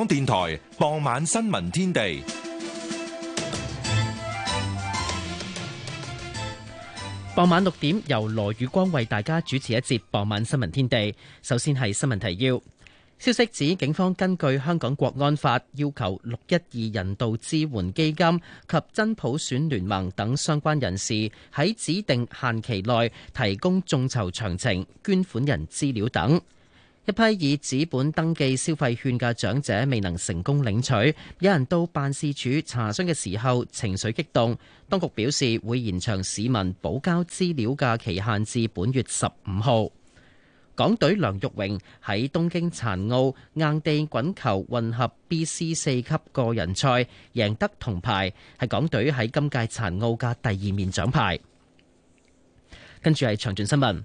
香港電台傍晚新聞天地，傍晚六點由羅宇光為大家主持一節傍晚新聞天地。首先係新聞提要，消息指警方根據香港國安法，要求六一二人道支援基金及真普選聯盟等相關人士喺指定限期內提供眾籌詳情、捐款人資料等。一批以紙本登記消費券嘅長者未能成功領取，有人到辦事處查詢嘅時候情緒激動，當局表示會延長市民補交資料嘅期限至本月十五號。港隊梁玉榮喺東京殘奧硬地滾球混合 B C 四級個人賽贏得銅牌，係港隊喺今屆殘奧嘅第二面獎牌。跟住係詳盡新聞。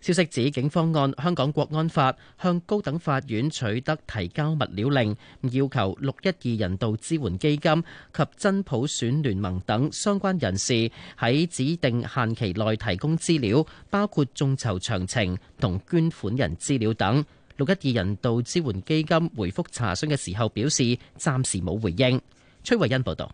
消息指警方按香港國安法向高等法院取得提交物料令，要求六一二人道支援基金及真普選聯盟等相關人士喺指定限期內提供資料，包括眾籌詳情同捐款人資料等。六一二人道支援基金回覆查詢嘅時候表示暫時冇回應。崔慧欣報道。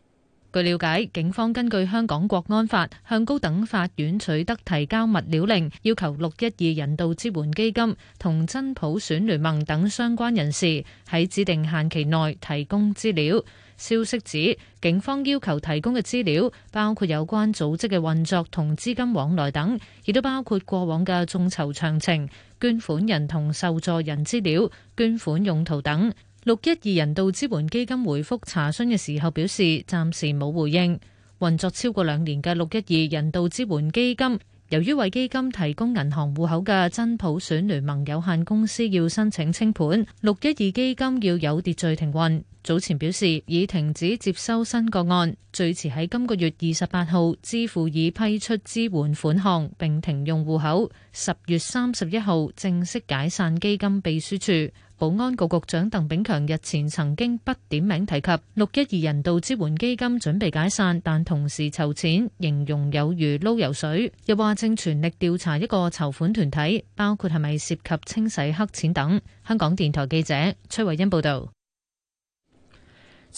據了解，警方根據香港國安法向高等法院取得提交物料令，要求六一二人道支援基金同真普選聯盟等相關人士喺指定限期內提供資料。消息指，警方要求提供嘅資料包括有關組織嘅運作同資金往來等，亦都包括過往嘅眾籌詳情、捐款人同受助人資料、捐款用途等。六一二人道支援基金回覆查詢嘅時候表示，暫時冇回應。運作超過兩年嘅六一二人道支援基金，由於為基金提供銀行戶口嘅真普選聯盟有限公司要申請清盤，六一二基金要有秩序停運。早前表示已停止接收新個案，最遲喺今個月二十八號支付已批出支援款項，並停用戶口。十月三十一號正式解散基金秘書處。保安局局長鄧炳強日前曾經不點名提及六一二人道支援基金準備解散，但同時籌錢，形容有如撈油水，又話正全力調查一個籌款團體，包括係咪涉及清洗黑錢等。香港電台記者崔慧欣報道。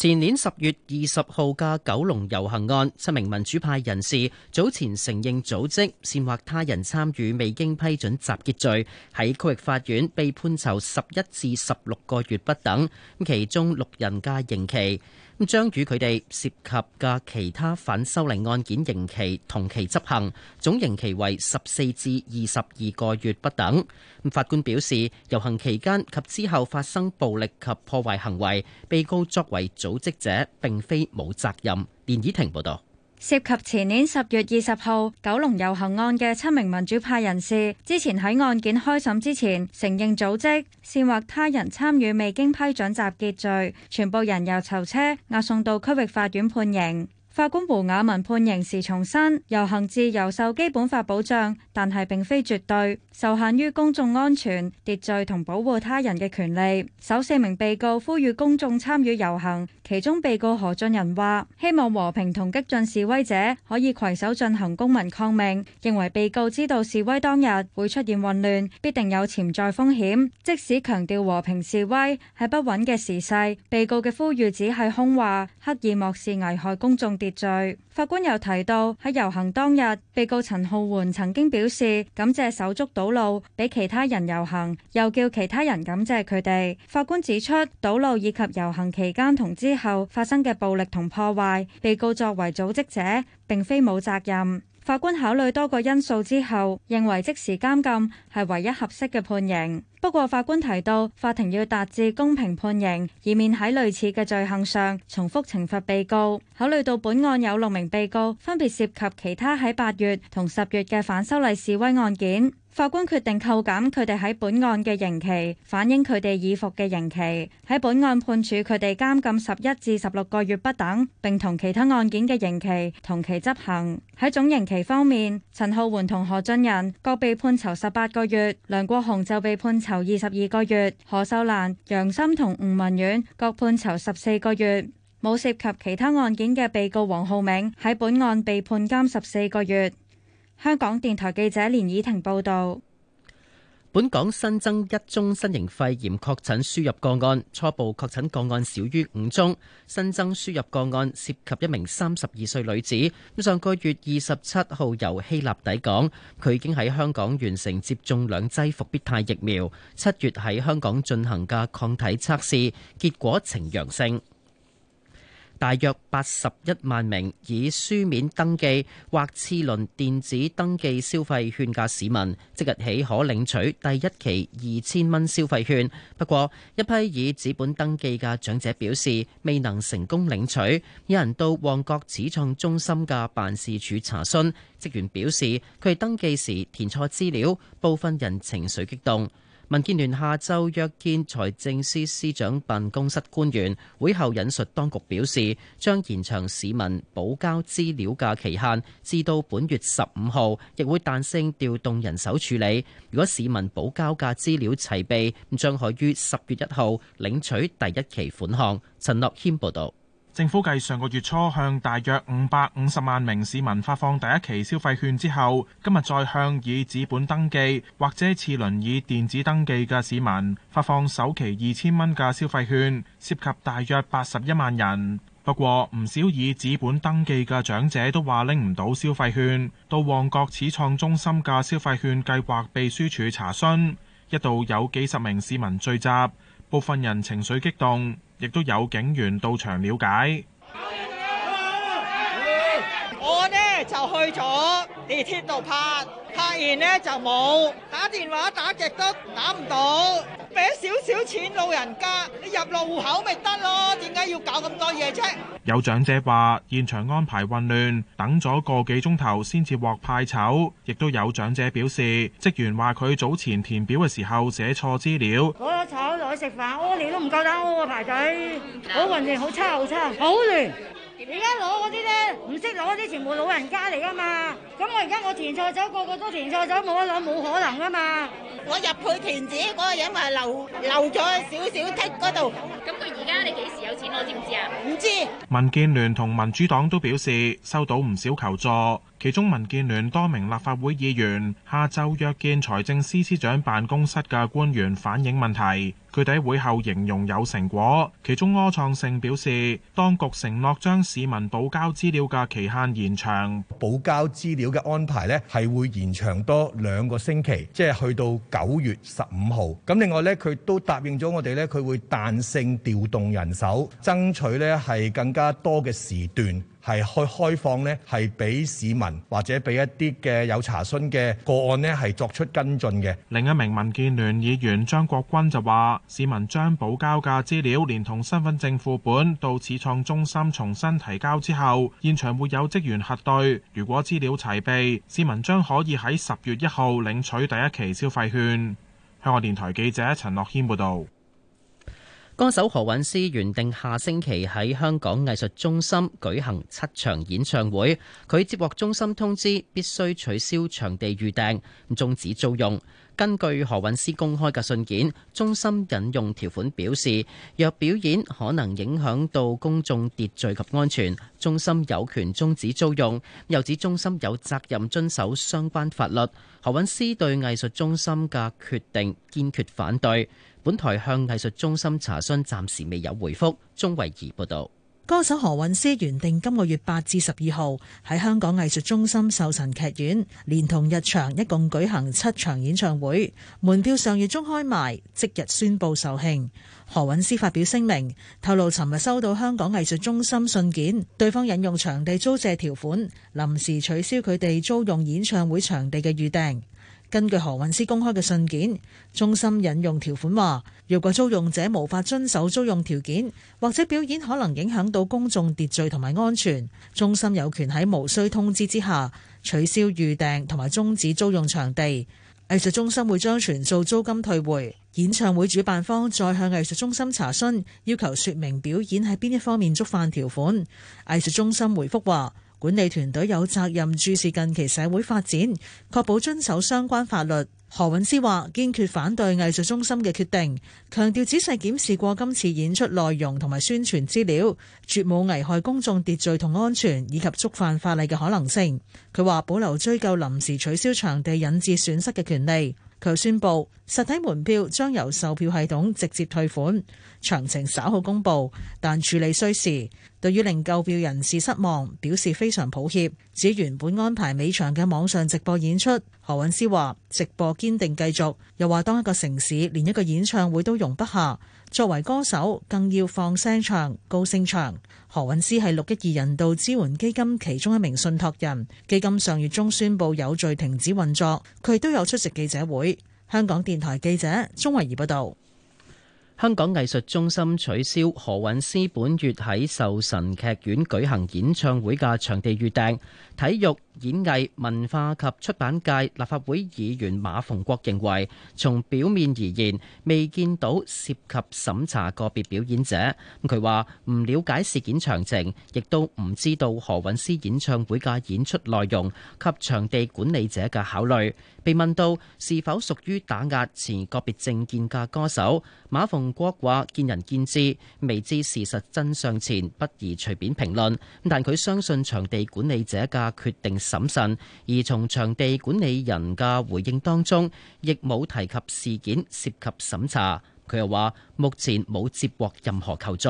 前年十月二十號嘅九龍遊行案，七名民主派人士早前承認組織煽惑他人參與未經批准集結罪，喺區域法院被判囚十一至十六個月不等，其中六人加刑期。將與佢哋涉及嘅其他反修例案件刑期同期執行，總刑期為十四至二十二個月不等。法官表示，遊行期間及之後發生暴力及破壞行為，被告作為組織者並非冇責任。連倚婷報導。涉及前年十月二十號九龍遊行案嘅七名民主派人士，之前喺案件開審之前承認組織煽惑他人參與未經批准集結罪，全部人由囚車押送到區域法院判刑。法官胡雅文判刑時重申，遊行自由受基本法保障，但係並非絕對，受限於公眾安全、秩序同保護他人嘅權利。首四名被告呼籲公眾參與遊行，其中被告何俊仁話，希望和平同激進示威者可以攜手進行公民抗命，認為被告知道示威當日會出現混亂，必定有潛在風險。即使強調和平示威係不穩嘅時勢，被告嘅呼籲只係空話，刻意漠視危害公眾。罪。法官又提到喺遊行當日，被告陳浩桓曾經表示感謝手足堵路，俾其他人遊行，又叫其他人感謝佢哋。法官指出，堵路以及遊行期間同之後發生嘅暴力同破壞，被告作為組織者，並非冇責任。法官考慮多個因素之後，認為即時監禁係唯一合適嘅判刑。不過，法官提到法庭要達至公平判刑，以免喺類似嘅罪行上重複懲罰被告。考慮到本案有六名被告，分別涉及其他喺八月同十月嘅反修例示威案件。法官決定扣減佢哋喺本案嘅刑期，反映佢哋已服嘅刑期。喺本案判處佢哋監禁十一至十六個月不等，並同其他案件嘅刑期同期執行。喺總刑期方面，陳浩桓同何俊仁各被判囚十八個月，梁國雄就被判囚二十二個月，何秀蘭、楊森同吳文遠各判囚十四個月。冇涉及其他案件嘅被告黃浩銘喺本案被判監十四個月。香港電台記者連綺婷報道，本港新增一宗新型肺炎確診輸入個案，初步確診個案少於五宗。新增輸入個案涉及一名三十二歲女子，上個月二十七號由希臘抵港，佢已經喺香港完成接種兩劑復必泰疫苗，七月喺香港進行嘅抗體測試結果呈陽性。大約八十一萬名以書面登記或次輪電子登記消費券嘅市民，即日起可領取第一期二千蚊消費券。不過，一批以紙本登記嘅長者表示未能成功領取，有人到旺角始創中心嘅辦事處查詢，職員表示佢哋登記時填錯資料，部分人情緒激動。民建聯下週約見財政司司長辦公室官員，會後引述當局表示，將延長市民補交資料嘅期限，至到本月十五號，亦會彈性調動人手處理。如果市民補交嘅資料齊備，將可於十月一號領取第一期款項。陳樂軒報導。政府繼上個月初向大約五百五十萬名市民發放第一期消費券之後，今日再向以紙本登記或者次輪以電子登記嘅市民發放首期二千蚊嘅消費券，涉及大約八十一萬人。不過，唔少以紙本登記嘅長者都話拎唔到消費券。到旺角始創中心嘅消費券計劃秘書處查詢，一度有幾十名市民聚集。部分人情緒激動，亦都有警員到場了解。就去咗地鐵度拍，拍完呢就冇，打電話打極都打唔到，俾少少錢老人家，你入落戶口咪得咯？點解要搞咁多嘢啫？有長者話現場安排混亂，等咗個幾鐘頭先至獲派籌，亦都有長者表示，職員話佢早前填表嘅時候寫錯資料，攞咗籌攞去食飯，我連都唔夠膽攞個排隊，我混亂，好差，好差，好差，好差，好亂。而家攞嗰啲咧，唔識攞啲全部老人家嚟噶嘛？咁我而家我填錯咗，個個都填錯咗，冇得攞，冇可能噶嘛！我入去填紙嗰個人咪留留咗少少剔嗰度，咁佢而家你幾時有錢，我知唔知啊？唔知。民建聯同民主黨都表示收到唔少求助，其中民建聯多名立法會議員下晝約見財政司司長辦公室嘅官員反映問題。佢哋會後形容有成果，其中柯創盛表示，當局承諾將市民補交資料嘅期限延長，補交資料嘅安排咧係會延長多兩個星期，即係去到九月十五號。咁另外咧，佢都答應咗我哋咧，佢會彈性調動人手，爭取咧係更加多嘅時段。係開開放呢，係俾市民或者俾一啲嘅有查詢嘅個案呢，係作出跟進嘅。另一名民建聯議員張國鈞就話：市民將補交嘅資料連同身份證副本到始創中心重新提交之後，現場會有職員核對。如果資料齊備，市民將可以喺十月一號領取第一期消費券。香港電台記者陳樂軒報導。歌手何韻詩原定下星期喺香港藝術中心舉行七場演唱會，佢接獲中心通知，必須取消場地預訂，終止租用。根據何韻詩公開嘅信件，中心引用條款表示，若表演可能影響到公眾秩序及安全，中心有權終止租用，又指中心有責任遵守相關法律。何韻詩對藝術中心嘅決定堅決反對。本台向藝術中心查詢，暫時未有回覆鍾慧儀報道，歌手何韻詩原定今個月八至十二號喺香港藝術中心壽臣劇院連同日場，一共舉行七場演唱會，門票上月中開賣，即日宣布售罄。何韻詩發表聲明，透露尋日收到香港藝術中心信件，對方引用場地租借條款，臨時取消佢哋租用演唱會場地嘅預訂。根據何韻詩公開嘅信件，中心引用條款話：若果租用者無法遵守租用條件，或者表演可能影響到公眾秩序同埋安全，中心有權喺無需通知之下取消預訂同埋終止租用場地。藝術中心會將全數租金退回。演唱會主辦方再向藝術中心查詢，要求説明表演喺邊一方面觸犯條款。藝術中心回覆話。管理團隊有責任注視近期社會發展，確保遵守相關法律。何韻詩話堅決反對藝術中心嘅決定，強調仔細檢視過今次演出內容同埋宣傳資料，絕冇危害公眾秩序同安全以及觸犯法例嘅可能性。佢話保留追究臨時取消場地引致損失嘅權利。佢宣布實體門票將由售票系統直接退款，詳情稍後公佈，但處理需時，對於令購票人士失望，表示非常抱歉，指原本安排尾場嘅網上直播演出。何韻詩話直播堅定繼續，又話當一個城市連一個演唱會都容不下，作為歌手更要放聲唱，高聲唱。何韻詩係六一二人道支援基金其中一名信託人，基金上月中宣布有序停止運作，佢都有出席記者會。香港電台記者鍾慧儀報道。香港藝術中心取消何韻詩本月喺壽臣劇院舉行演唱會嘅場地預訂。體育演藝文化及出版界立法會議員馬逢國認為，從表面而言，未見到涉及審查個別表演者。佢話：唔了解事件詳情，亦都唔知道何韻詩演唱會嘅演出內容及場地管理者嘅考慮。被問到是否屬於打壓前個別政見嘅歌手，馬逢國話：見仁見智，未知事實真相前，不宜隨便評論。但佢相信場地管理者嘅。決定審慎，而從場地管理人嘅回應當中，亦冇提及事件涉及審查。佢又話，目前冇接獲任何求助。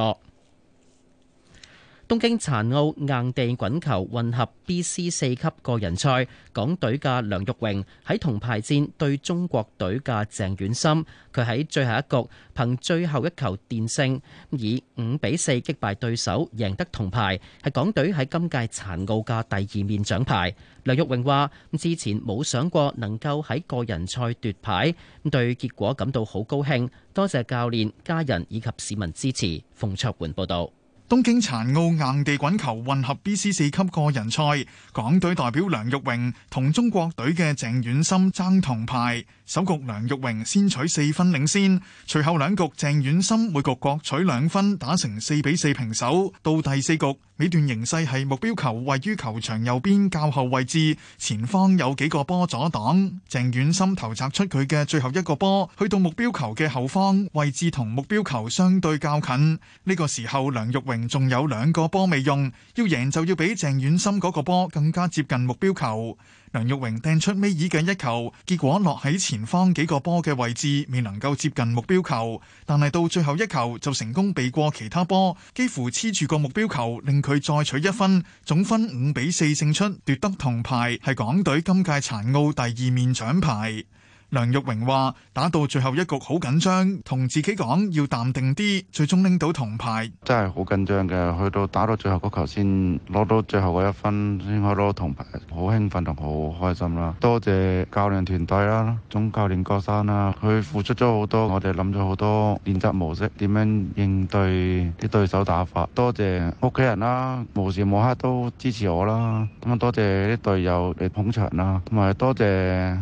東京殘奧硬地滾球混合 bc 四級個人賽，港隊嘅梁玉榮喺銅牌戰對中國隊嘅鄭遠心，佢喺最後一局憑最後一球電勝，以5比4擊敗對手，贏得銅牌，係港隊喺今屆殘奧嘅第二面獎牌。梁玉榮話，之前冇想過能夠喺個人賽奪牌，對結果感到好高興，多謝教練、家人以及市民支持。馮卓媛報道。東京殘奧硬地滾球混合 BC 四級個人賽，港隊代表梁玉榮同中國隊嘅鄭遠心爭銅牌。首局梁玉榮先取四分領先，隨後兩局鄭遠心每局各取兩分，打成四比四平手。到第四局，尾段形勢係目標球位於球場右邊較後位置，前方有幾個波阻擋。鄭遠心投擲出佢嘅最後一個波，去到目標球嘅後方，位置同目標球相對較近。呢個時候梁玉榮，仲有兩個波未用，要贏就要比鄭遠心嗰個波更加接近目標球。梁玉榮掟出尾二嘅一球，結果落喺前方幾個波嘅位置，未能夠接近目標球。但係到最後一球就成功避過其他波，幾乎黐住個目標球，令佢再取一分，總分五比四勝出，奪得銅牌，係港隊今屆殘奧第二面獎牌。梁玉榮話：打到最後一局好緊張，同自己講要淡定啲，最終拎到銅牌，真係好緊張嘅。去到打到最後嗰球先攞到最後嘅一分，先攞到銅牌，好興奮同好開心啦！多謝教練團隊啦，總教練郭生啦，佢付出咗好多，我哋諗咗好多練習模式，點樣應對啲對手打法。多謝屋企人啦，無時無刻都支持我啦。咁啊，多謝啲隊友嚟捧場啦，同埋多謝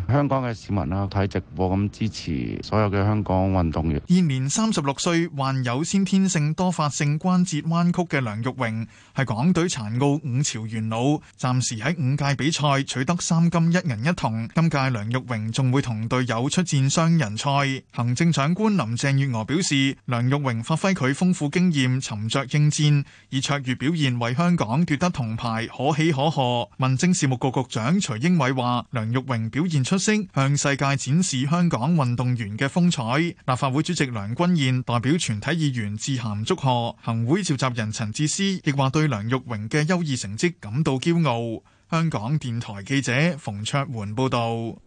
香港嘅市民啦。喺直播咁支持所有嘅香港運動員。現年三十六歲，患有先天性多發性關節彎曲嘅梁玉榮，係港隊殘奧五朝元老。暫時喺五屆比賽取得三金一銀一銅。今屆梁玉榮仲會同隊友出戰雙人賽。行政長官林鄭月娥表示，梁玉榮發揮佢豐富經驗，沉着應戰，以卓越表現為香港奪得銅牌，可喜可賀！民政事務局局長徐英偉話：梁玉榮表現出色，向世界。展示香港運動員嘅風采，立法會主席梁君彥代表全體議員致函祝賀。行會召集人陳智思亦話對梁玉榮嘅優異成績感到驕傲。香港電台記者馮卓桓報導。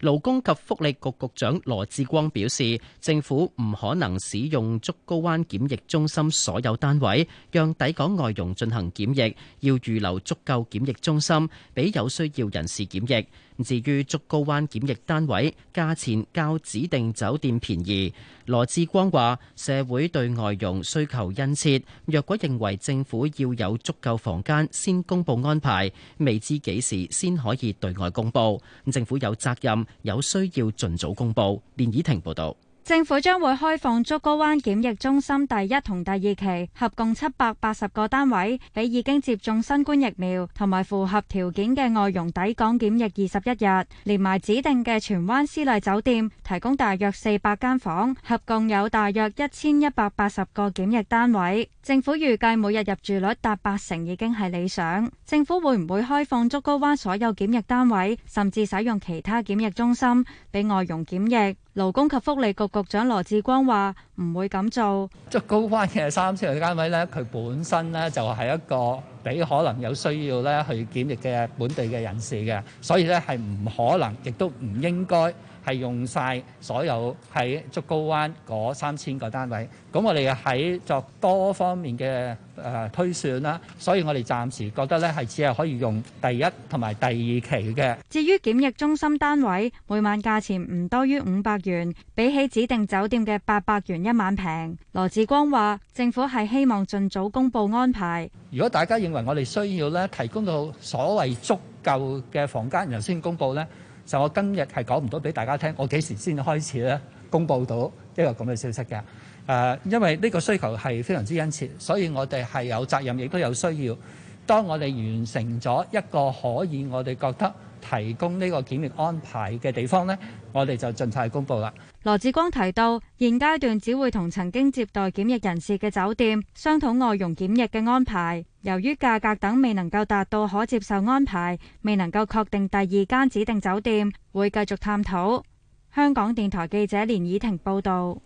勞工及福利局局，局長羅致光表示，政府唔可能使用竹篙灣檢疫中心所有單位，讓抵港外傭進行檢疫，要預留足夠檢疫中心俾有需要人士檢疫。至於竹篙灣檢疫單位價錢較指定酒店便宜，羅志光話：社會對外傭需求殷切，若果認為政府要有足夠房間先公布安排，未知幾時先可以對外公佈。政府有責任，有需要盡早公佈。連以婷報導。政府將會開放竹篙灣檢疫中心第一同第二期，合共七百八十個單位，俾已經接種新冠疫苗同埋符合條件嘅外傭抵港檢疫二十一日，連埋指定嘅荃灣絲麗酒店提供大約四百間房，合共有大約一千一百八十個檢疫單位。政府預計每日入住率達八成已經係理想。政府會唔會開放竹篙灣所有檢疫單位，甚至使用其他檢疫中心俾外傭檢疫？勞工及福利局局長羅志光話：唔會咁做。即係高關嘅三千人嘅單位，咧，佢本身咧就係一個俾可能有需要咧去檢疫嘅本地嘅人士嘅，所以咧係唔可能，亦都唔應該。係用晒所有喺竹篙灣嗰三千個單位，咁我哋喺作多方面嘅誒、呃、推算啦，所以我哋暫時覺得咧係只係可以用第一同埋第二期嘅。至於檢疫中心單位每晚價錢唔多於五百元，比起指定酒店嘅八百元一晚平。羅智光話：政府係希望盡早公布安排。如果大家認為我哋需要咧提供到所謂足夠嘅房間，然後先公布呢？就我今日係講唔到俾大家聽，我幾時先開始咧公布到一個咁嘅消息嘅？誒，因為呢個需求係非常之殷切，所以我哋係有責任，亦都有需要。當我哋完成咗一個可以我哋覺得提供呢個檢疫安排嘅地方咧，我哋就盡快公布啦。羅志光提到，現階段只會同曾經接待檢疫人士嘅酒店商討外傭檢疫嘅安排。由於價格等未能夠達到可接受安排，未能夠確定第二間指定酒店，會繼續探討。香港電台記者連以婷報道。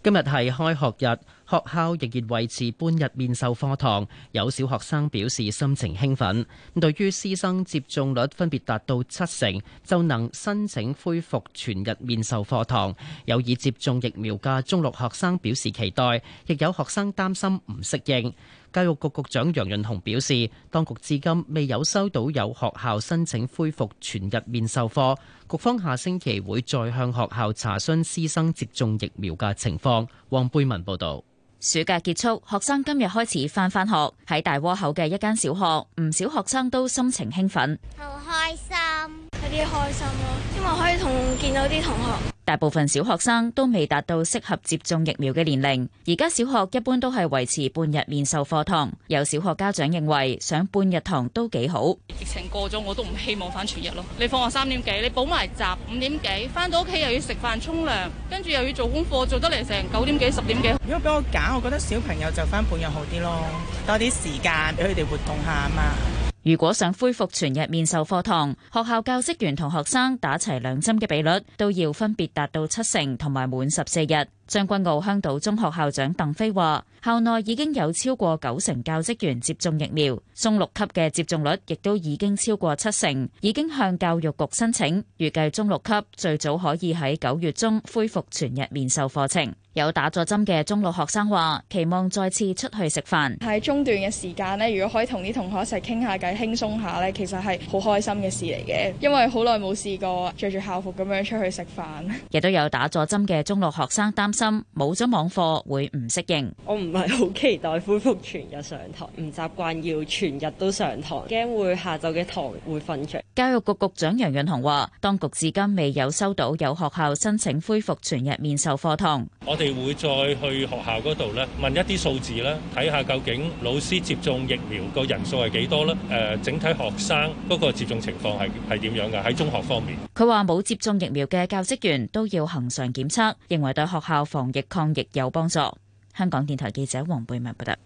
今日係開學日，學校仍然維持半日面授課堂。有小學生表示心情興奮。對於師生接種率分別達到七成，就能申請恢復全日面授課堂。有已接種疫苗嘅中六學生表示期待，亦有學生擔心唔適應。教育局局長楊潤雄表示，當局至今未有收到有學校申請恢復全日面授課，局方下星期會再向學校查詢師生接種疫苗嘅情況。黃貝文報道，暑假結束，學生今日開始返返學。喺大窩口嘅一間小學，唔少學生都心情興奮，好開心。有啲開心咯、啊，因為可以同見到啲同學。大部分小學生都未達到適合接種疫苗嘅年齡，而家小學一般都係維持半日面授課堂。有小學家長認為上半日堂都幾好。疫情過咗，我都唔希望翻全日咯。你放學三點幾，你補埋習五點幾，翻到屋企又要食飯、沖涼，跟住又要做功課，做得嚟成九點幾、十點幾。如果俾我揀，我覺得小朋友就翻半日好啲咯，多啲時間俾佢哋活動下啊嘛。媽媽。如果想恢復全日面授課堂，學校教職員同學生打齊兩針嘅比率都要分別達到七成同埋滿十四日。將軍澳香島中學校長鄧飛話：校內已經有超過九成教職員接種疫苗，中六級嘅接種率亦都已經超過七成，已經向教育局申請，預計中六級最早可以喺九月中恢復全日面授課程。有打咗針嘅中六學生話：期望再次出去食飯。喺中段嘅時間咧，如果可以同啲同學一齊傾下偈，輕鬆下咧，其實係好開心嘅事嚟嘅，因為好耐冇試過着住校服咁樣出去食飯。亦都有打咗針嘅中六學生擔，冇咗網課會唔適應？我唔係好期待恢復全日上堂，唔習慣要全日都上堂，驚會下晝嘅堂會瞓着。教育局局長楊潤雄話，當局至今未有收到有學校申請恢復全日面授課堂。我哋會再去學校嗰度咧，問一啲數字啦，睇下究竟老師接種疫苗個人數係幾多咧？誒，整體學生嗰個接種情況係係點樣嘅？喺中學方面，佢話冇接種疫苗嘅教職員都要恆常檢測，認為對學校。防疫抗疫有幫助。香港電台記者黃貝文報道：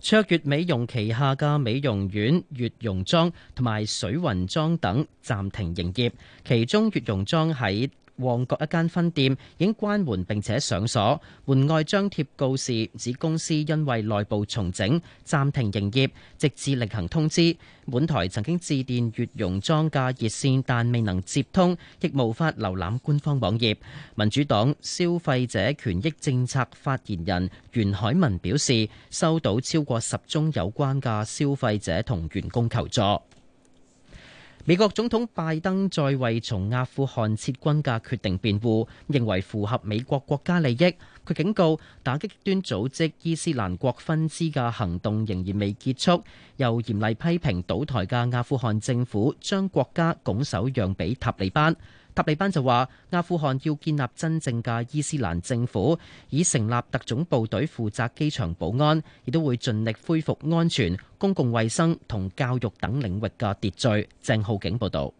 卓越美容旗下嘅美容院悅容莊同埋水雲莊等暫停營業，其中悅容莊喺旺角一間分店已經關門，並且上鎖，門外張貼告示，指公司因為內部重整暫停營業，直至另行通知。本台曾經致電月容莊嘅熱線，但未能接通，亦無法瀏覽官方網頁。民主黨消費者權益政策發言人袁海文表示，收到超過十宗有關嘅消費者同員工求助。美國總統拜登再為從阿富汗撤軍嘅決定辯護，認為符合美國國家利益。佢警告，打擊端組織伊斯蘭國分支嘅行動仍然未結束，又嚴厲批評倒台嘅阿富汗政府將國家拱手讓俾塔利班。塔利班就話：阿富汗要建立真正嘅伊斯蘭政府，已成立特種部隊負責機場保安，亦都會盡力恢復安全、公共衛生同教育等領域嘅秩序。鄭浩景報道。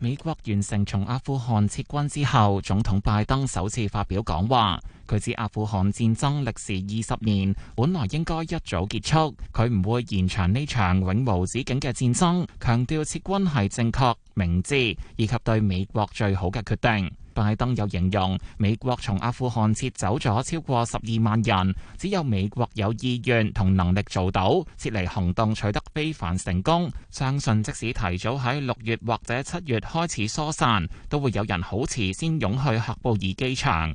美國完成從阿富汗撤軍之後，總統拜登首次發表講話。佢指阿富汗戰爭歷時二十年，本來應該一早結束，佢唔會延長呢場永無止境嘅戰爭，強調撤軍係正確、明智，以及對美國最好嘅決定。拜登又形容美國從阿富汗撤走咗超過十二萬人，只有美國有意願同能力做到撤離行動取得非凡成功。相信即使提早喺六月或者七月開始疏散，都會有人好遲先湧去喀布爾機場。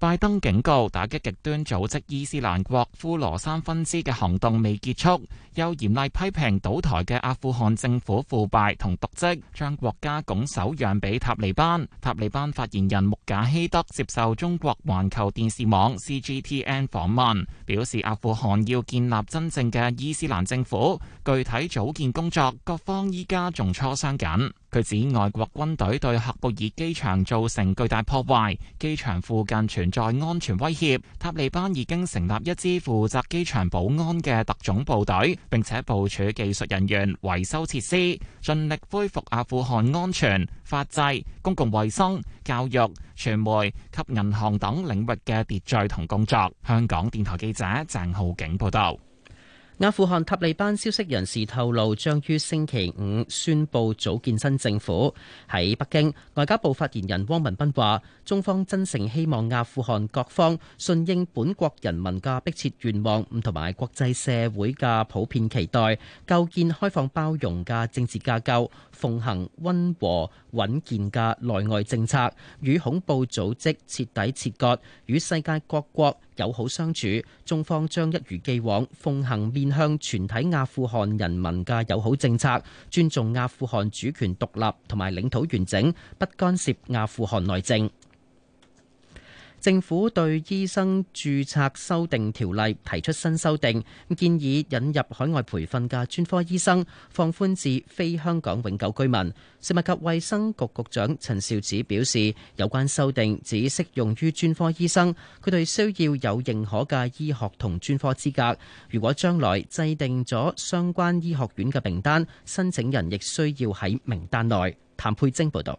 拜登警告，打擊極端組織伊斯蘭國呼羅珊分支嘅行動未結束，又嚴厲批評倒台嘅阿富汗政府腐敗同瀆職，將國家拱手讓俾塔利班。塔利班發言人穆賈希德接受中國環球電視網 CGTN 訪問，表示阿富汗要建立真正嘅伊斯蘭政府，具體組建工作各方依家仲磋商緊。佢指外國軍隊對喀布爾機場造成巨大破壞，機場附近存在安全威脅。塔利班已經成立一支負責機場保安嘅特種部隊，並且部署技術人員維修設施，盡力恢復阿富汗安全、法制、公共衛生、教育、傳媒及銀行等領域嘅秩序同工作。香港電台記者鄭浩景報道。阿富汗塔利班消息人士透露，將於星期五宣布組建新政府。喺北京，外交部發言人汪文斌話，中方真誠希望阿富汗各方順應本國人民嘅迫切願望，唔同埋國際社會嘅普遍期待，構建開放包容嘅政治架構，奉行溫和穩健嘅內外政策，與恐怖組織徹底切割，與世界各國。友好相處，中方將一如既往奉行面向全體阿富汗人民嘅友好政策，尊重阿富汗主權獨立同埋領土完整，不干涉阿富汗內政。政府對醫生註冊修訂條例提出新修訂，建議引入海外培訓嘅專科醫生，放寬至非香港永久居民。食物及衛生局局長陳肇始表示，有關修訂只適用於專科醫生，佢哋需要有認可嘅醫學同專科資格。如果將來制定咗相關醫學院嘅名單，申請人亦需要喺名單內。譚佩晶報導。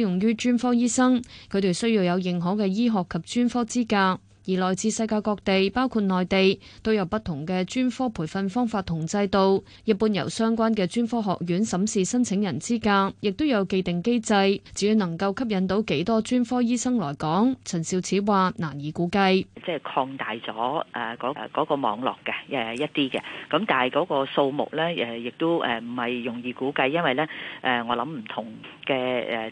用於專科醫生，佢哋需要有認可嘅醫學及專科資格。而來自世界各地，包括內地，都有不同嘅專科培訓方法同制度。一般由相關嘅專科學院審視申請人資格，亦都有既定機制。至於能夠吸引到幾多專科醫生來港，陳肇始話難以估計。即係擴大咗誒嗰嗰個網絡嘅誒一啲嘅，咁但係嗰個數目呢，誒亦都誒唔係容易估計，因為呢，誒我諗唔同嘅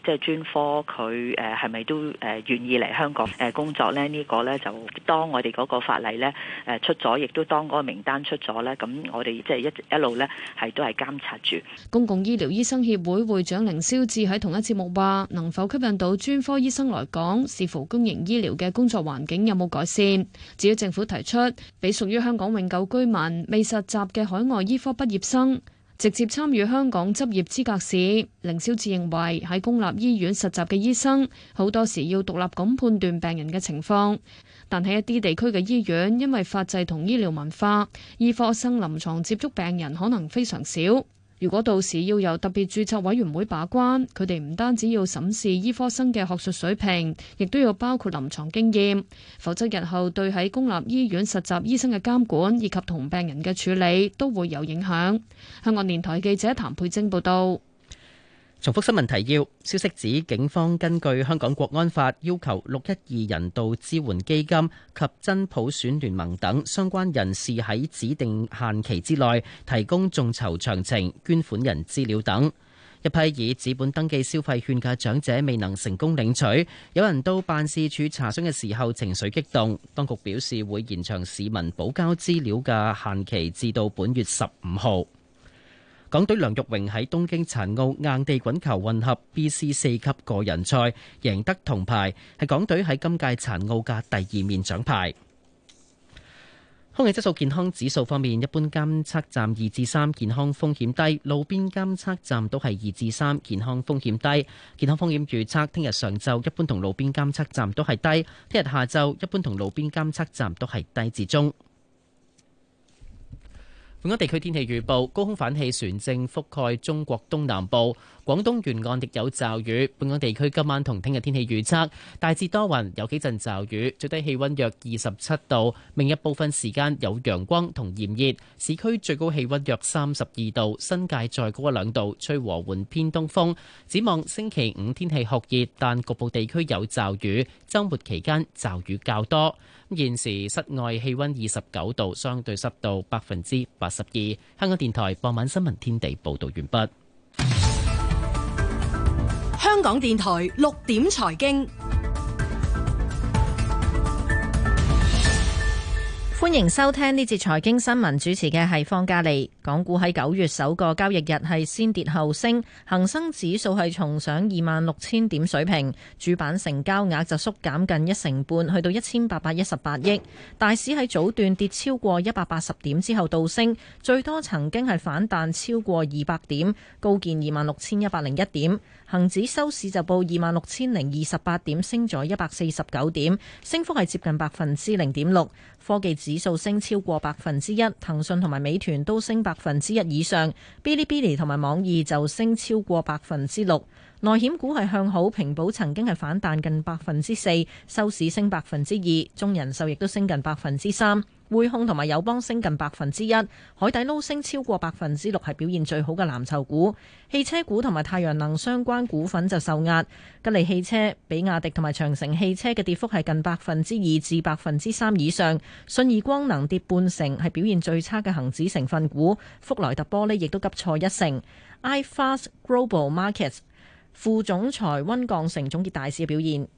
誒即係專科佢誒係咪都誒願意嚟香港誒工作呢？呢個呢，就當我哋嗰個法例咧，誒出咗，亦都當嗰個名單出咗咧，咁我哋即係一一路咧，係都係監察住。公共醫療醫生協會會長凌霄志喺同一節目話，能否吸引到專科醫生來港，視乎公營醫療嘅工作環境有冇改善。至於政府提出，俾屬於香港永久居民未實習嘅海外醫科畢業生直接參與香港執業資格試，凌霄志認為喺公立醫院實習嘅醫生好多時要獨立咁判斷病人嘅情況。但喺一啲地區嘅醫院，因為法制同醫療文化，醫科生臨床接觸病人可能非常少。如果到時要有特別註冊委員會把關，佢哋唔單止要審視醫科生嘅學術水平，亦都要包括臨床經驗，否則日後對喺公立醫院實習醫生嘅監管以及同病人嘅處理都會有影響。香港電台記者譚佩晶報道。重複新聞提要：消息指警方根據香港國安法要求，六一二人道支援基金及真普選聯盟等相關人士喺指定限期之內提供眾籌詳情、捐款人資料等。一批以紙本登記消費券嘅長者未能成功領取，有人到辦事處查詢嘅時候情緒激動。當局表示會延長市民補交資料嘅限期至到本月十五號。港隊梁玉榮喺東京殘奧硬地滾球混合 BC 四級個人賽贏得銅牌，係港隊喺今屆殘奧嘅第二面獎牌。空氣質素健康指數方面，一般監測站二至三，健康風險低；路邊監測站都係二至三，健康風險低。健康風險預測：聽日上晝一般同路邊監測站都係低；聽日下晝一般同路邊監測站都係低至中。本港地區天氣預報：高空反氣旋正覆蓋中國東南部。廣東沿岸亦有驟雨，本港地區今晚同聽日天氣預測大致多雲，有幾陣驟雨，最低氣溫約二十七度。明日部分時間有陽光同炎熱，市區最高氣溫約三十二度，新界再高一兩度，吹和緩偏東風。展望星期五天氣酷熱，但局部地區有驟雨，周末期間驟雨較多。現時室外氣溫二十九度，相對濕度百分之八十二。香港電台傍晚新聞天地報道完畢。香港電台六點財經，歡迎收聽呢節財經新聞。主持嘅係方嘉利。港股喺九月首個交易日係先跌後升，恒生指數係重上二萬六千點水平，主板成交額就縮減近一成半，去到一千八百一十八億。大市喺早段跌超過一百八十點之後倒升，最多曾經係反彈超過二百點，高見二萬六千一百零一點。恒指收市就報二萬六千零二十八點，升咗一百四十九點，升幅係接近百分之零點六。科技指數升超過百分之一，騰訊同埋美團都升百分之一以上。Bilibili 同埋網易就升超過百分之六。內險股係向好，平保曾經係反彈近百分之四，收市升百分之二，中人壽亦都升近百分之三。匯控同埋友邦升近百分之一，海底撈升超過百分之六，係表現最好嘅藍籌股。汽車股同埋太陽能相關股份就受壓，吉利汽車、比亞迪同埋長城汽車嘅跌幅係近百分之二至百分之三以上。信義光能跌半成，係表現最差嘅恒指成分股。福萊特玻璃亦都急挫一成。iFast Global Markets 副總裁溫鋼成總結大市嘅表現。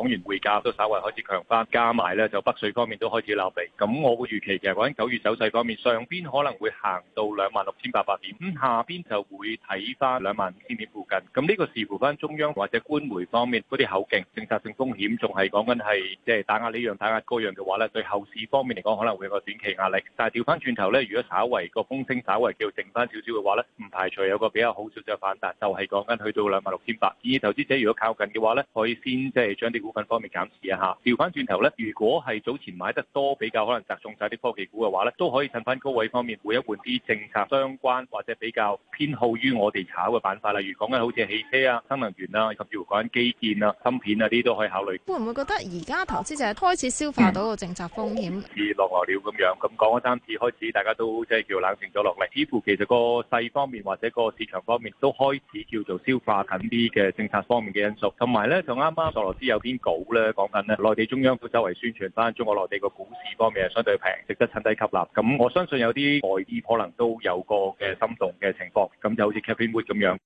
港元匯價都稍為開始強翻，加埋咧就北水方面都開始鬧幣。咁我嘅預期其實講緊九月走勢方面，上邊可能會行到兩萬六千八百點，咁下邊就會睇翻兩萬五千點附近。咁呢個視乎翻中央或者官媒方面嗰啲口徑、政策性風險，仲係講緊係即係打壓呢樣打壓嗰樣嘅話咧，對後市方面嚟講可能會有個短期壓力。但係調翻轉頭咧，如果稍為個風聲稍為叫靜翻少少嘅話咧，唔排除有個比較好少少嘅反彈，就係講緊去到兩萬六千八。而投資者如果靠近嘅話咧，可以先即係將啲。部分方面減持一下，調翻轉頭咧，如果係早前買得多比較可能集中晒啲科技股嘅話咧，都可以趁翻高位方面換一換啲政策相關或者比較偏好於我哋炒嘅板塊，例如講緊好似汽車啊、新能源啊，甚至乎講緊基建啊、芯片啊呢啲都可以考慮。會唔會覺得而家投資者開始消化到個政策風險？是落來了咁樣，咁講咗三次開始，大家都即係叫冷靜咗落嚟，似乎其實個勢方面或者個市場方面都開始叫做消化緊啲嘅政策方面嘅因素，同埋咧，就啱啱索羅斯有啲稿咧講緊咧，內地中央府周圍宣傳翻，中國內地個股市方面係相對平，值得趁低吸納。咁我相信有啲外資可能都有個嘅心動嘅情況。咁就好似 Captain Wood 咁樣。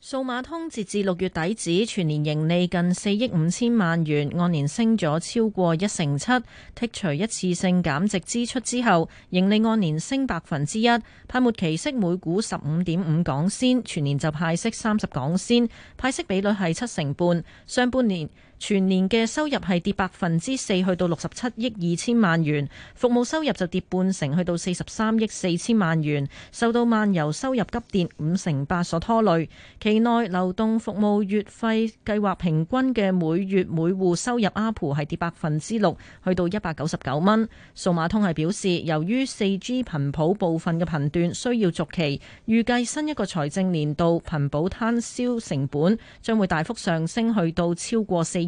數碼通截至六月底止，全年盈利近四億五千萬元，按年升咗超過一成七。剔除一次性減值支出之後，盈利按年升百分之一。派末期息每股十五點五港仙，全年就派息三十港仙，派息比率係七成半。上半年。全年嘅收入係跌百分之四，去到六十七億二千萬元；服務收入就跌半成，去到四十三億四千萬元，受到漫遊收入急跌五成八所拖累。期內流動服務月費計劃平均嘅每月每戶收入阿蒲係跌百分之六，去到一百九十九蚊。數碼通係表示，由於四 G 頻譜部分嘅頻段需要續期，預計新一個財政年度頻譜攤銷成本將會大幅上升，去到超過四。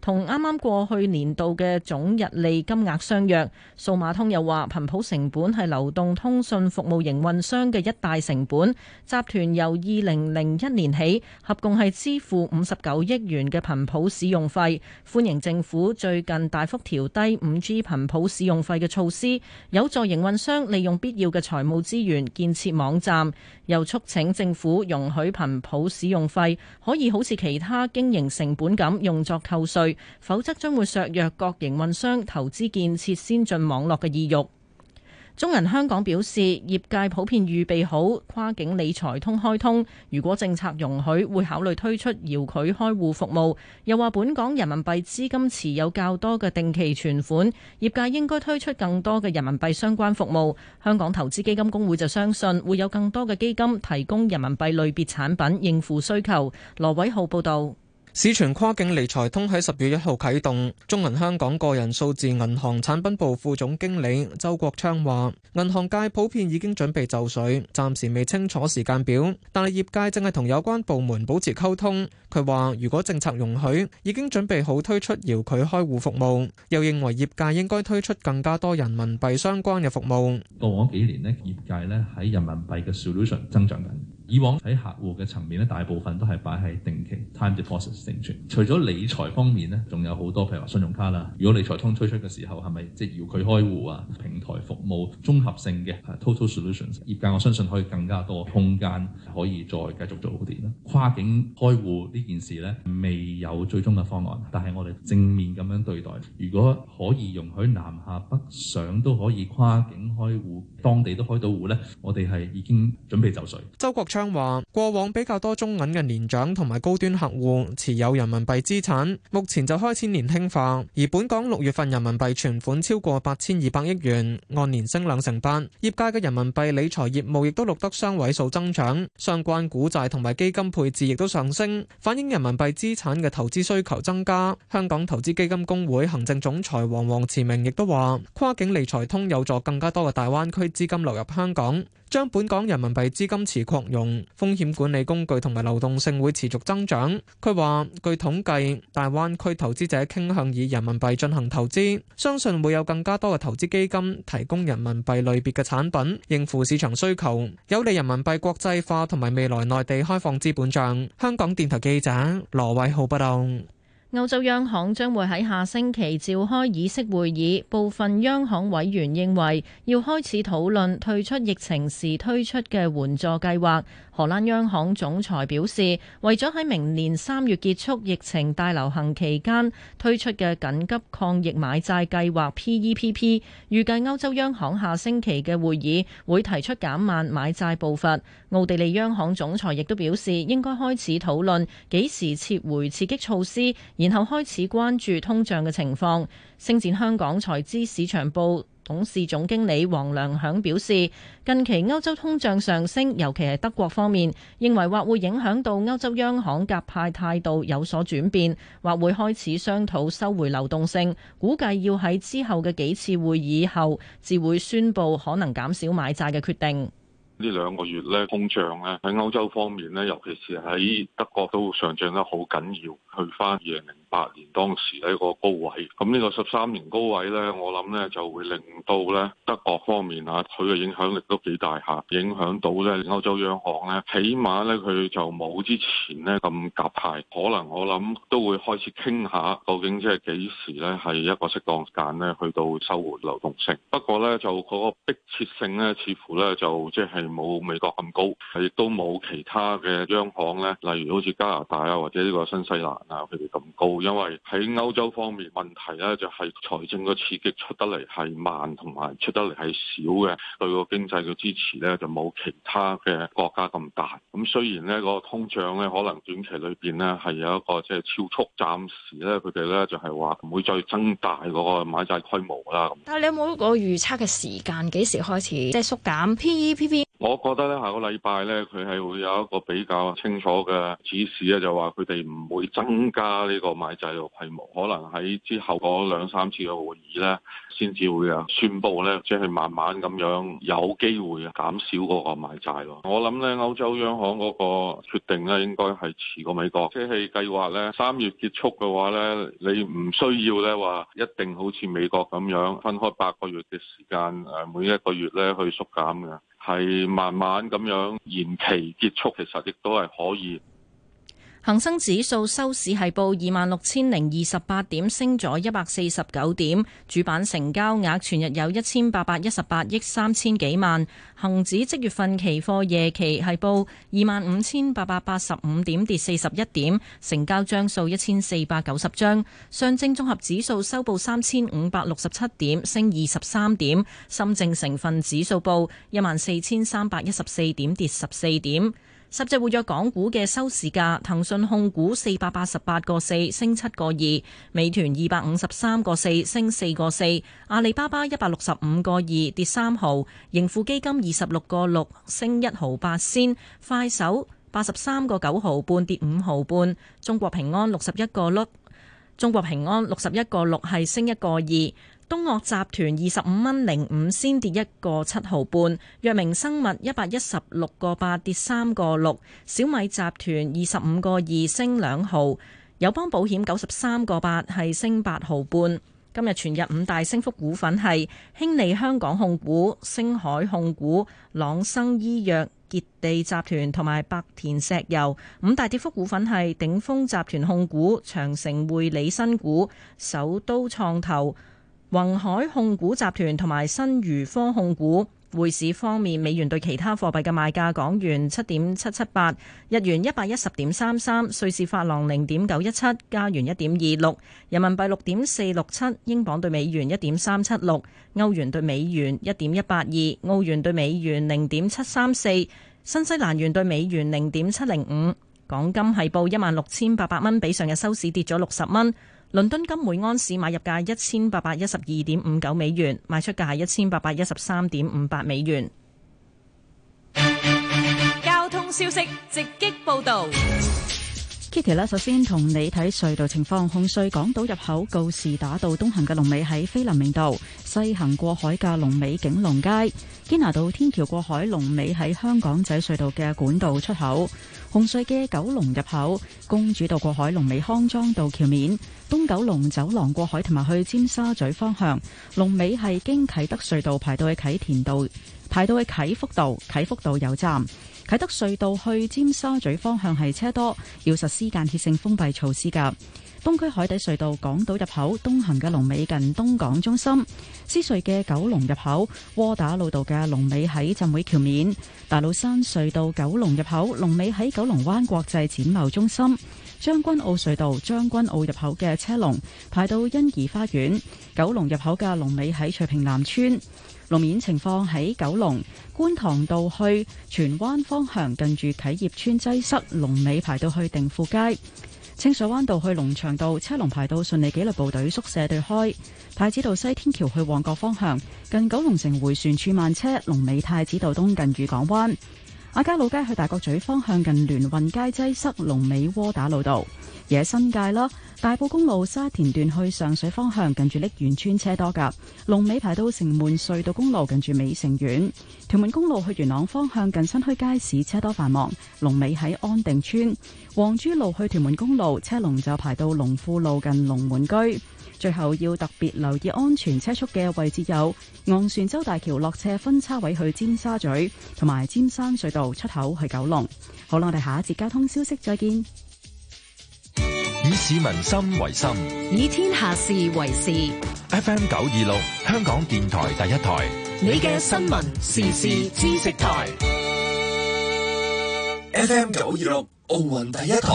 同啱啱過去年度嘅總日利金額相若，數碼通又話頻譜成本係流動通訊服務營運商嘅一大成本。集團由二零零一年起合共係支付五十九億元嘅頻譜使用費，歡迎政府最近大幅調低 5G 頻譜使用費嘅措施，有助營運商利用必要嘅財務資源建設網站，又促請政府容許頻譜使用費可以好似其他經營成本咁用作扣稅。否則將會削弱各營運商投資建設先進網絡嘅意欲。中銀香港表示，業界普遍預備好跨境理財通開通，如果政策容許，會考慮推出遙距開戶服務。又話，本港人民幣資金持有較多嘅定期存款，業界應該推出更多嘅人民幣相關服務。香港投資基金公會就相信會有更多嘅基金提供人民幣類別產品應付需求。羅偉浩報道。市傳跨境理財通喺十月一號啟動，中銀香港個人數字銀行產品部副總經理周國昌話，銀行界普遍已經準備就緒，暫時未清楚時間表，但係業界正係同有關部門保持溝通。佢話，如果政策容許，已經準備好推出遙距開戶服務。又認為業界應該推出更加多人民幣相關嘅服務。過往幾年咧，業界咧喺人民幣嘅 solution 上增長緊。以往喺客戶嘅層面咧，大部分都係擺喺定期 （time deposit） 成存。除咗理財方面咧，仲有好多，譬如話信用卡啦。如果理財通推出嘅時候，係咪即係要佢開戶啊？平台服務綜合性嘅、uh, （total solutions），業界我相信可以更加多空間可以再繼續做好啲啦。跨境開戶呢件事咧，未有最終嘅方案，但係我哋正面咁樣對待。如果可以容許南下北上都可以跨境開戶，當地都開到戶咧，我哋係已經準備就緒。周國話過往比較多中銀嘅年長同埋高端客戶持有人民幣資產，目前就開始年輕化。而本港六月份人民幣存款超過八千二百億元，按年升兩成八。業界嘅人民幣理財業務亦都錄得雙位數增長，相關股債同埋基金配置亦都上升，反映人民幣資產嘅投資需求增加。香港投資基金公會行政總裁黃黃慈明亦都話跨境理財通有助更加多嘅大灣區資金流入香港。將本港人民幣資金池擴容，風險管理工具同埋流動性會持續增長。佢話：據統計，大灣區投資者傾向以人民幣進行投資，相信會有更加多嘅投資基金提供人民幣類別嘅產品，應付市場需求，有利人民幣國際化同埋未來內地開放資本帳。香港電台記者羅偉浩報道。歐洲央行將會喺下星期召開議息會議，部分央行委員認為要開始討論退出疫情時推出嘅援助計劃。荷蘭央行總裁表示，為咗喺明年三月結束疫情大流行期間推出嘅緊急抗疫買債計劃 （PEPP），預計歐洲央行下星期嘅會議會提出減慢買債步伐。奧地利央行總裁亦都表示，應該開始討論幾時撤回刺激措施，然後開始關注通脹嘅情況。星展香港財資市場報。董事總經理黃良響表示，近期歐洲通脹上升，尤其係德國方面，認為或會影響到歐洲央行鴿派態度有所轉變，或會開始商討收回流動性。估計要喺之後嘅幾次會議後至會宣佈可能減少買債嘅決定。呢兩個月咧通脹咧喺歐洲方面咧，尤其是喺德國都上漲得好緊要，去翻嘅。八年當時呢個高位，咁呢個十三年高位呢，我諗呢就會令到呢德國方面啊，佢嘅影響力都幾大下，影響到呢歐洲央行呢，起碼呢佢就冇之前呢咁鴿派，可能我諗都會開始傾下，究竟即係幾時呢係一個適當時間呢去到收回流動性。不過呢，就嗰個迫切性呢，似乎呢就即係冇美國咁高，亦都冇其他嘅央行呢，例如好似加拿大啊或者呢個新西蘭啊，佢哋咁高。因為喺歐洲方面問題咧，就係財政嘅刺激出得嚟係慢，同埋出得嚟係少嘅，對個經濟嘅支持咧就冇其他嘅國家咁大。咁雖然咧，個通脹咧可能短期裏邊咧，係有一個即係超速，暫時咧佢哋咧就係話唔會再增大嗰個買債規模啦。咁但係你有冇一個預測嘅時間？幾時開始即係縮減 P E P P？我覺得咧，下個禮拜咧，佢係會有一個比較清楚嘅指示啊，就話佢哋唔會增加呢個買債嘅規模，可能喺之後嗰兩三次嘅會議咧，先至會有宣佈咧，即係慢慢咁樣有機會減少嗰個買債咯。我諗咧，歐洲央行嗰個決定咧，應該係遲過美國，即係計劃咧三月結束嘅話咧，你唔需要咧話一定好似美國咁樣分開八個月嘅時間，誒每一個月咧去縮減嘅。係慢慢咁樣延期結束，其實亦都係可以。恒生指數收市係報二萬六千零二十八點，升咗一百四十九點。主板成交額全日有一千八百一十八億三千幾萬。恒指即月份期貨夜期係報二萬五千八百八十五點，跌四十一點，成交張數一千四百九十張。上證綜合指數收報三千五百六十七點，升二十三點。深證成分指數報一萬四千三百一十四點，跌十四點。十隻活躍港股嘅收市價，騰訊控股四百八十八個四升七個二，美團二百五十三個四升四個四，阿里巴巴一百六十五個二跌三毫，盈富基金二十六個六升一毫八仙，快手八十三個九毫半跌五毫半，中國平安六十一個六，中國平安六十一個六係升一個二。東岳集團二十五蚊零五先跌一個七毫半，藥明生物一百一十六個八跌三個六，小米集團二十五個二升兩毫，友邦保險九十三個八係升八毫半。今日全日五大升幅股份係興利香港控股、星海控股、朗生醫藥、杰地集團同埋白田石油；五大跌幅股份係頂峰集團控股、長城匯理新股、首都創投、宏海控股集團同埋新漁科控股。匯市方面，美元對其他貨幣嘅賣價：港元七點七七八，日元一百一十點三三，瑞士法郎零點九一七，加元一點二六，人民幣六點四六七，英鎊兌美元一點三七六，歐元兌美元一點一八二，澳元兌美元零點七三四，新西蘭元兌美元零點七零五。港金係報一萬六千八百蚊，比上日收市跌咗六十蚊。倫敦金每安士買入價一千八百一十二點五九美元，賣出價係一千八百一十三點五八美元。交通消息直擊報道。Kitty 咧，首先同你睇隧道情況。紅隧港島入口告士打道東行嘅龍尾喺菲林明道，西行過海嘅龍尾景龍街。堅拿道天橋過海龍尾喺香港仔隧道嘅管道出口。紅隧嘅九龍入口公主道過海龍尾康莊道橋面，東九龍走廊過海同埋去尖沙咀方向龍尾係經啟德隧道排到去啟田道，排到去啟福道，啟福道有站。啟德隧道去尖沙咀方向係車多，要實施間歇性封閉措施噶。東區海底隧道港島入口東行嘅龍尾近東港中心；獅隧嘅九龍入口窩打老道嘅龍尾喺浸會橋面；大老山隧道九龍入口龍尾喺九龍灣國際展貿中心。將軍澳隧道將軍澳入口嘅車龍排到欣怡花園，九龍入口嘅龍尾喺翠屏南村，路面情況喺九龍觀塘道去荃灣方向近住啟業邨擠塞，龍尾排到去定富街，清水灣道去龍翔道車龍排到順利紀律部隊宿舍對開，太子道西天橋去旺角方向近九龍城回旋處慢車，龍尾太子道東近譽港灣。亞皆老街去大角咀方向近聯運街擠塞，龍尾窩打老道；而喺新界啦，大埔公路沙田段去上水方向近住瀝源村車多噶，龍尾排到城門隧道公路近住美城苑；屯門公路去元朗方向近新墟街市車多繁忙，龍尾喺安定村；黃珠路去屯門公路車龍就排到龍富路近龍門居。最後要特別留意安全車速嘅位置，有昂船洲大橋落車分叉位去尖沙咀，同埋尖山隧道出口去九龍。好啦，我哋下一節交通消息再見。以市民心為心，以天下事為事。F M 九二六香港電台第一台，你嘅新聞時事知識台。F M 九二六奧運第一台。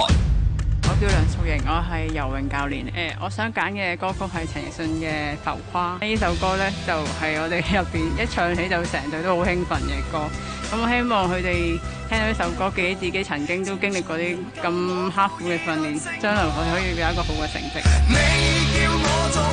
我叫梁淑瑩，我係游泳教練。誒，我想揀嘅歌曲係陳奕迅嘅《浮誇》。呢首歌呢就係我哋入邊一唱起就成隊都好興奮嘅歌。咁我希望佢哋聽到呢首歌，記起自己曾經都經歷過啲咁刻苦嘅訓練，將來佢可以有一個好嘅成績。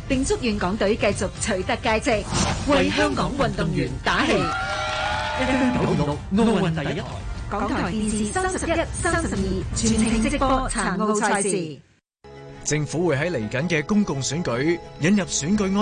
並祝願港隊繼續取得佳績，為香港運動員打氣。一九九六奧運第一台，港台電視三十一、三十二全程直播殘奧賽事。政府會喺嚟緊嘅公共選舉引入選舉安。